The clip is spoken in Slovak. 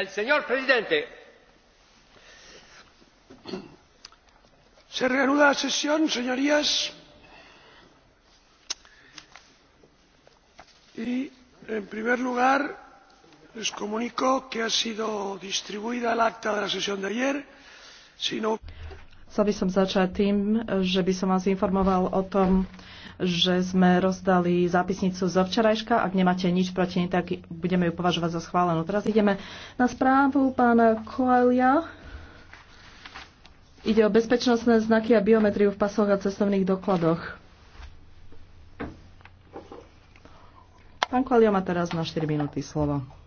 El señor presidente. Se reanuda la sesión, señorías. Y, en primer lugar, les comunico que ha sido distribuida el acta de la sesión de ayer. Si no... Chcel by som začať tým, že by som vás informoval o tom, že sme rozdali zápisnicu zo včerajška. Ak nemáte nič proti nej, tak budeme ju považovať za schválenú. Teraz ideme na správu pána Koelia. Ide o bezpečnostné znaky a biometriu v pasoch a cestovných dokladoch. Pán Koelia má teraz na 4 minúty slovo.